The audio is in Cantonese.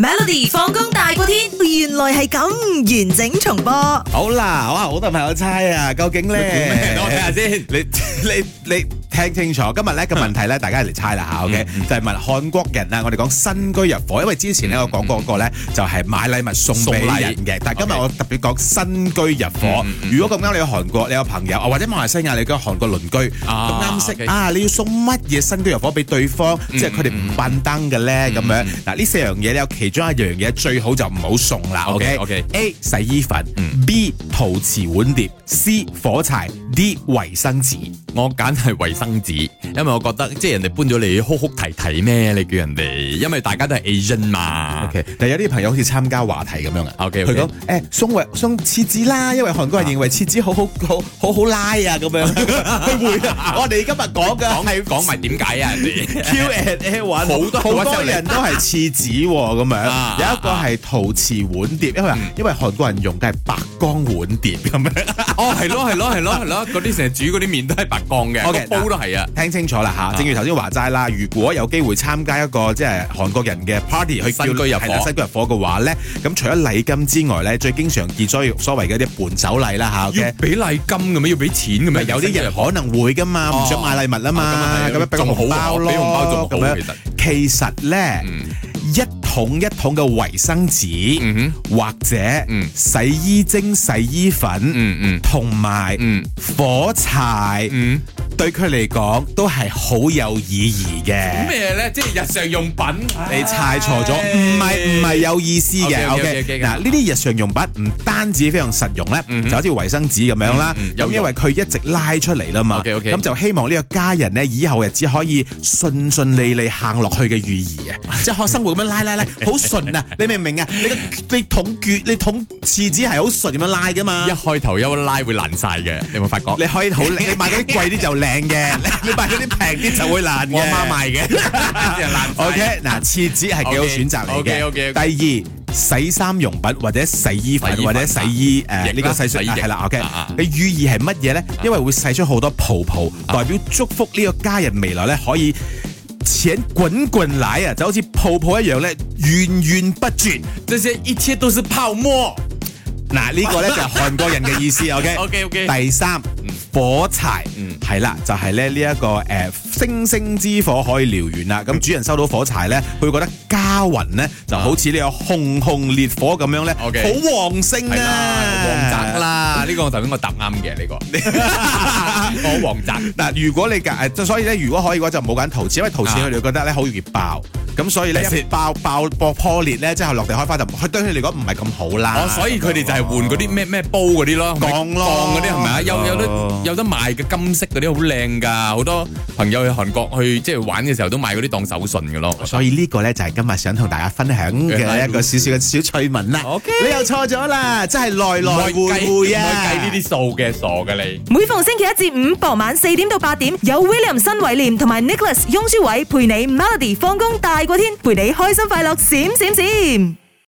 Melody 放工大過天，原來係咁完整重播。好啦，好啦，好多朋友猜啊，究竟呢？等我睇下先，你你你。聽清楚，今日呢個問題呢，大家嚟猜啦嚇，OK，就係問韓國人啦。我哋講新居入伙，因為之前呢我講過一個呢，就係買禮物送俾人嘅。但係今日我特別講新居入伙。如果咁啱你去韓國，你有朋友啊，或者馬來西亞你嘅韓國鄰居咁啱識啊，你要送乜嘢新居入伙俾對方，即係佢哋唔辦燈嘅呢咁樣。嗱，呢四樣嘢呢，有其中一樣嘢最好就唔好送啦，OK。A 洗衣粉，B 陶瓷碗碟，C 火柴，D 衛生紙。我揀係衛生子，因為我覺得即係人哋搬咗你哭哭啼啼咩？你叫人哋，因為大家都係 Asian 嘛。嗱，有啲朋友好似參加話題咁樣嘅，佢講誒送為送廁紙啦，因為韓國人認為廁紙好好好好好拉啊咁樣，會啊！我哋今日講嘅係講埋點解啊？Q and A 好多好多人都係廁紙咁樣，有一個係陶瓷碗碟，因為因為韓國人用嘅係白鋼碗碟咁樣，哦係咯係咯係咯係咯，嗰啲成日煮嗰啲麵都係白鋼嘅，煲都係啊！聽清楚啦嚇，正如頭先話齋啦，如果有機會參加一個即係韓國人嘅 party 去新居入。係啦，新居入伙嘅話咧，咁除咗禮金之外咧，最經常見所以所謂啲伴手禮啦吓，要俾禮金咁樣，要俾錢咁啊，有啲人可能會噶嘛，唔、哦、想買禮物啊嘛，咁樣俾紅包俾、啊、紅包仲好，其實其實咧，嗯、一桶一桶嘅衛生紙，嗯、哼或者洗衣精、洗衣粉，嗯嗯，同、嗯、埋火柴。嗯對佢嚟講都係好有意義嘅。咩咧？即係日常用品，你猜錯咗，唔係唔係有意思嘅。O K 嗱，呢啲日常用品唔單止非常實用咧，就好似衛生紙咁樣啦。咁因為佢一直拉出嚟啦嘛，咁就希望呢個家人咧以後日子可以順順利利行落去嘅寓意啊！即係生活咁樣拉拉拉，好順啊！你明唔明啊？你你筒卷、你筒廁紙係好順咁樣拉噶嘛？一開頭一拉會爛晒嘅，你有冇發覺？你開好，你買嗰啲貴啲就靚。平嘅，你買嗰啲平啲就會爛。我媽賣嘅，就爛。OK，嗱，廁紙係幾好選擇嚟嘅。OK，第二，洗衫用品或者洗衣粉或者洗衣誒呢個洗水係啦。OK，你寓意係乜嘢咧？因為會洗出好多泡泡，代表祝福呢個家人未來咧可以錢滾滾嚟啊！就好似泡泡一樣咧，源源不絕。這些一切都是泡沫。嗱，呢個咧就係韓國人嘅意思。OK，OK，OK。第三，火柴。係啦，就係咧呢一個誒、呃、星星之火可以燎原啦。咁主人收到火柴咧，佢會覺得家運咧就好似呢個熊熊烈火咁樣咧，好 Okay. 旺盛，啊、旺啦。旺宅啦，呢個頭先我答啱嘅呢個。好 旺宅。嗱，如果你㗎誒、呃，所以咧如果可以嘅話就冇揀陶瓷，因為陶瓷佢哋覺得咧好容易爆。啊咁所以咧一爆爆破破裂咧之後落地開花就對佢嚟講唔係咁好啦。哦，所以佢哋就係換嗰啲咩咩煲嗰啲咯，鑼鑼嗰啲係咪啊？有有得有得賣嘅金色嗰啲好靚㗎，好多朋友去韓國去即係玩嘅時候都買嗰啲當手信㗎咯。所以呢個咧就係今日想同大家分享嘅一個少少嘅小趣聞啦。你又錯咗啦，真係來來回回啊！計呢啲數嘅傻㗎你。每逢星期一至五傍晚四點到八點，有 William 申偉廉同埋 Nicholas 翁書偉陪你 Melody 放工大。每天陪你開心快樂閃閃閃。閃閃閃閃